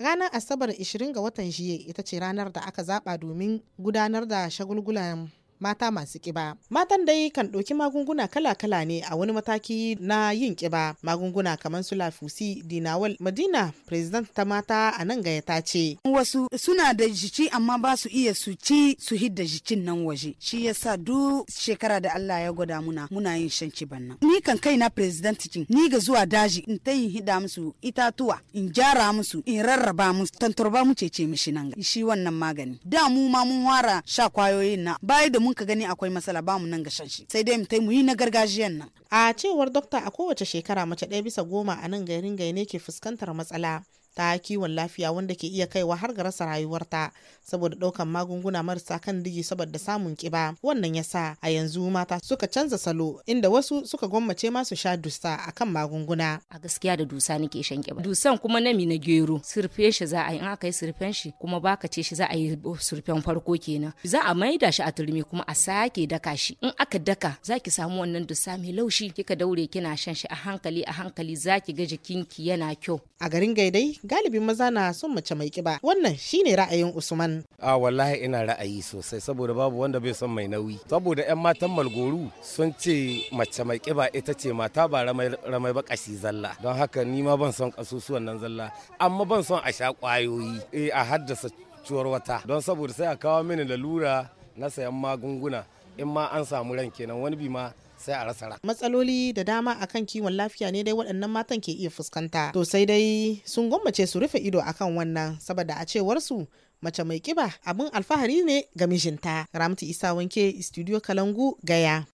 Ranar Asabar 20 ga watan jiya ita ce ranar da aka zaba domin gudanar da shagulgulan mata masu ƙiba. Matan dai kan ɗauki magunguna kala-kala ne a wani mataki na yin ƙiba. Magunguna kamar su lafusi, dinawal, madina, president ta mata a nan gaya ta ce. Wasu suna da jiki amma ba su iya su ci su hidda jikin nan waje. Shi yasa duk shekara da Allah ya gwada muna muna yin shan kiban nan. Ni kan kai na president cikin ni ga zuwa daji in ta yin hida musu itatuwa in gyara musu in rarraba musu tantorba mu ce ce mishi nan shi wannan magani. Da mu ma mun wara sha kwayoyin na bai da mu mun ka gani akwai matsala ba mu nan ga shanshi sai dai mu tai mu yi na gargajiyan nan a cewar dokta a kowace shekara mace ɗaya bisa goma a nan garin gaine ke fuskantar matsala ta kiwon lafiya wanda ke iya kaiwa har ga rasa rayuwarta saboda ɗaukan magunguna marasa kan digi saboda samun kiba wannan ya sa a yanzu mata suka canza salo inda wasu suka gwammace masu sha dusa akan magunguna a gaskiya da dusa nake shan kiba dusan kuma nami na gero surfe shi za a yi in aka yi surfen shi kuma baka ce shi za a yi surfen farko kenan za a maida shi a turmi kuma a sake daka shi in aka daka za ki samu wannan dusa mai laushi kika daure kina shan shi a hankali a hankali za ki ga jikinki yana kyau a garin gaidai Galibin maza na son mace mai kiba wannan shine ra'ayin usman a wallahi ina ra'ayi sosai saboda babu wanda bai son mai nauyi saboda yan matan malgoru sun ce mace mai kiba ita ce mata ba ramai kashi zalla don haka ni ma ban son kasusuwan nan zalla amma ban son a sha kwayoyi eh a haddasa cuwar wata don saboda sai a kawo mini lalura na sayan magunguna in ma an samu ran kenan wani bi ma sai a rasa matsaloli da dama akan kiwon lafiya ne dai waɗannan matan ke iya fuskanta to sai dai sun gwammace su rufe ido akan wannan saboda a cewarsu mace mai kiba abin alfahari ne ga mijinta ramtu isa wanke studio kalangu gaya